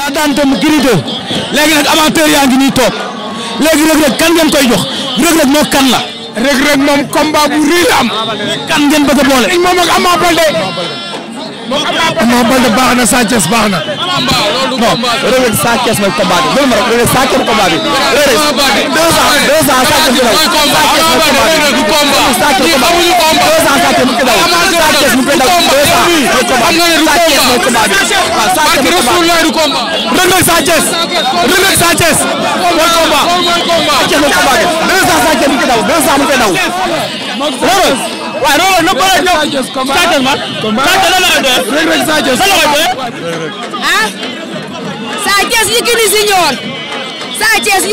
daa daan dem Gris 2 léegi nag amateur yaa ngi nii toog léegi Reug Reug kan ngeen koy jox Reug Reug moo kan la. Reug Reug moom combat bu rëy la am. kan ngeen bëgg a boole. moom ak Ama Baldé. Ama Baldé baax na Sa Thiès baax na. non Reug Reug Sa Thiès mooy combat bi loolu ma rek Reug Reug Sa Thiès combat bi. Reug Reug deux ans deux ans Sa Thiès mooy combat bi. Sa Thiès mooy combat bi. deux ans Sa Thiès mu ngi koy daw. Sa Thiès mu ngi koy daw deux ans mooy combat bi. mooy combat bi waaw Sa mooy combat Reug Reug Sa Thiès Reug Reug Sa Thiès mooy combat Sa Thiès mooy combat bi Reug Reug Sa Thiès mu ngi koy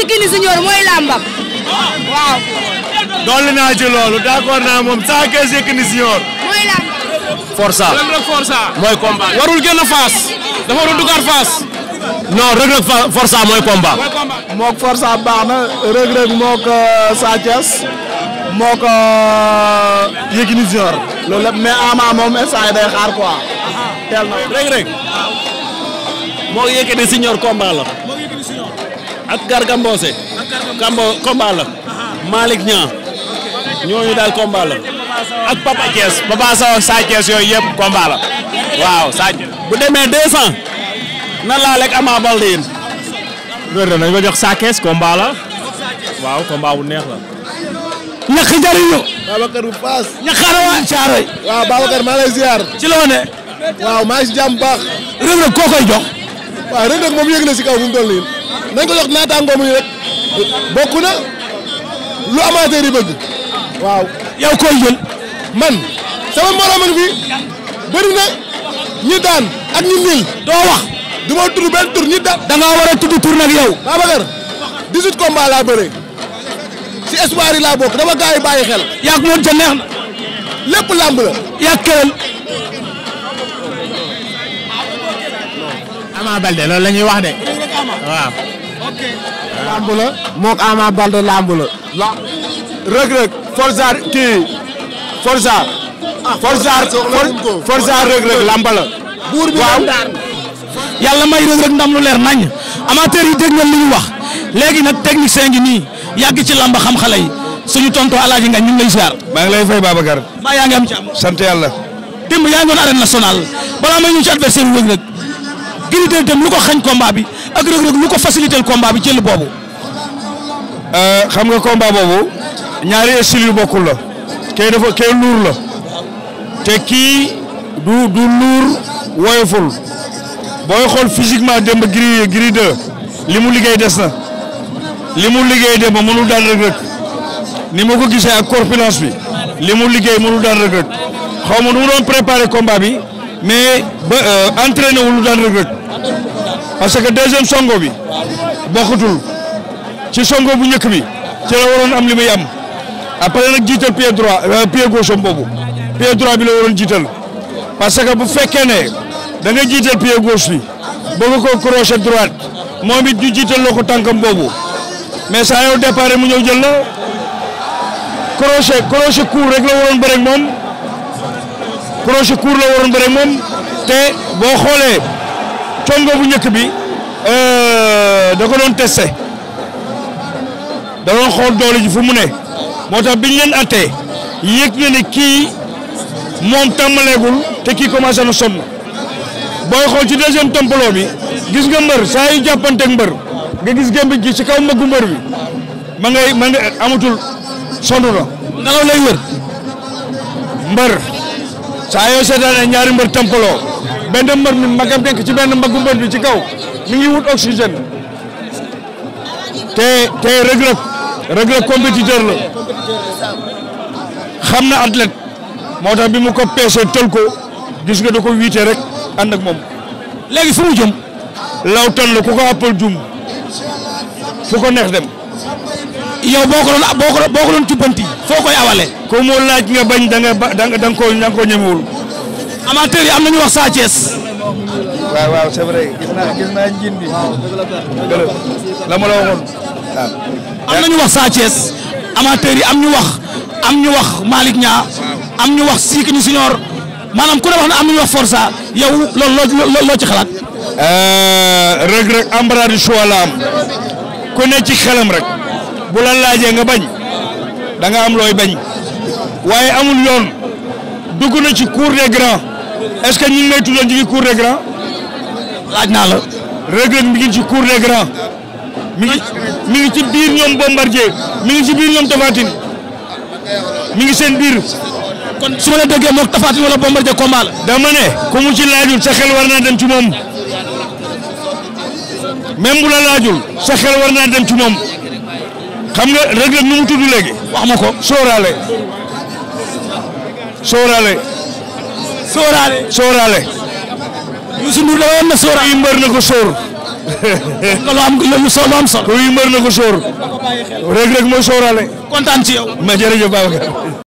daw Reug mooy làmbam waaw naa ci loolu d'accord naa moom Sa Thiès Yékini Junior mooy làmbam Forza Reug Reug Forza. mooy combat warul génn Fass dafa warul dugaat Fass. non Reug Reug Forza mooy combat. moog Forza baax na Reug Reug moog euh, Sa Thiès moog euh, Yékini Junior. loolu lépp mais moom instant yii day xaar quoi. teel na Reug Reug. moog Yékini Junior combat la. ak Garga Mbossé. ak Garga la. Malick Niang ñooñu daal combat ak Papa Thiès Papa Sa yooyu yëpp combat la waaw bu demee 200 na laa lekk Ama Baldé yéen. loolu dañ ko jox Sa Thiès combat la waaw combat bu neex la. ñax njëriñu. Babacar bu paas. ñax xaaral caaroy. waaw Babacar maa lay ci loo waaw maa ngi si jàmm baax. Reug Reug koo koy jox. waaw moom yëg na kaw bu mu toll nii nañ ko jox naataango muy rek bokk na lu amateur yi bëgg waaw. yow koy jël. man sama mbooloo man fii bëri na ñu daan ak ñu niil doo wax du ma tudd benn tur ñu daan. da ngaa war a tudd tur nag yow. Babacar 18 combats laa bëree si espoir yi laa bokk dama gars yi bàyyi xel. yaa ngi woon ca neex na. lépp làmb la. yaa këral. Ama Balde loolu la ñuy wax de. waaw. ok. moog Ama Balde làmb la. la rëg rëg forzaar kii. Forza. ah Forza Forza Reug Reug lamba la. buur bi waaw yàlla may Reug Reug ndam lu leer nañ amateur yi dégg ngeen li ñu wax léegi nag technicien ngi nii yàgg ci lamba xam xale yi suñu tonto alaaji nga ñu ngi lay ziar. maa ngi lay fay Babacar. maa yaa ngi am jàmm. sant yàlla. démb yaa ngi woon arène nationale balaa may ñëw ci adversaire bi Reug Reug Gris lu ko xañ combat bi ak Reug Reug lu ko faciliter combat bi jël boobu. Euh, xam nga combat boobu ñaari style yu bokkul la. kee dafa kee luur la te kii du du luur woyoful booy xool physiquement démb gris gris 2 li mu liggéey des na li mu liggéey démb mënul daan Reug Reug ni ma ko gisee ak corpulence bi li mu liggéey mënul daan Reug Reug xaw ma nu mu doon préparé combat bi mais ba euh, entraîné wul daan Reug Reug parce que deuxième songo bi bokkatul ci songo bu njëkk bi ci la waroon am li muy am. après nag jiital pied droit euh, pied gauche am boobu pied droit bi la waroon jiital parce que bu fekkee ne da nga jiital pied gauche bi bëgg ko crochet droite moom it ñu jiital la ko tànkam boobu mais saa yow départ mu ñëw jël la crochet crochet court rek la waroon bëre ak moom crochet court la waroon bëre ak moom te boo xoolee congo bu ñëkk bi euh, da ko doon testé da doon xool doole ji fu mu ne. moo tax biñ leen attee yëg na ne kii moom tàmbaleegul te kii commencé na sonn booy xool ci deuxième tompolo bi gis nga mbër saa yu jàppanteeg mbër nga gis gémmiñ gi ci kaw mbëggu mbër bi ma ma amatul sonn na. nalaw lay wër. mbër saa yoo seetaanee ñaari mbër tompolo benn mbër mi magam nekk ci benn mbëggu mbër bi ci kaw mi ngi wut oxygène te te Reug Reug compétiteur la xam na athlète moo tax bi mu ko peesee tël ko gis nga da ko wiite rek ànd ak moom léegi fu mu jëm law toll ku ko àppal jum fu ko neex dem yow boo ko doon boo ko boo ko doon jubbanti foo koy awale ko mu laaj nga bañ da nga ba danga nga koo da nga koo ñemewul yi am nañu wax Sa Thiès waaw waaw c'est la ma la waxoon am nañu wax Sa Thiès amateur yi am ñu wax am ñu wax Malick Niang am ñu wax Sik ñu maanaam ku ne wax na am nañu wax forsa yow loolu loo ci xalaat. Euh, Reug Reug embarras du choix la ne ci xelam rek bu la laajee nga bañ danga am looy bañ waaye amul yoon dugg na ci cour des grands est-ce que ñu ngi lay tuddoon ci cour des laaj naa la. Reug Reug mi ngi ci cour des grands. mi ngi mi ngi ci biir ñoom Bombardier mi ngi ci biir ñoom Tapha mi ngi seen biir. kon su ma la déggee moog Tapha Tine wala Bombardier combat la. dama ne ku mu ci laajul sa xel war naa dem ci moom même bu la laajul sa xel war dem ci moom xam nga Reug Reug nu mu tudd léegi. wax ma ko sóoraale. sóoraale. sóoraale. sóoraale. Youssou Ndour da woon na sóoraale. mbër na ko sóor. nga lu am lu so lu am solo. kuy na ko sóor. rek rek mooy sóoraale. kontaan ci yow. ma jërëjëf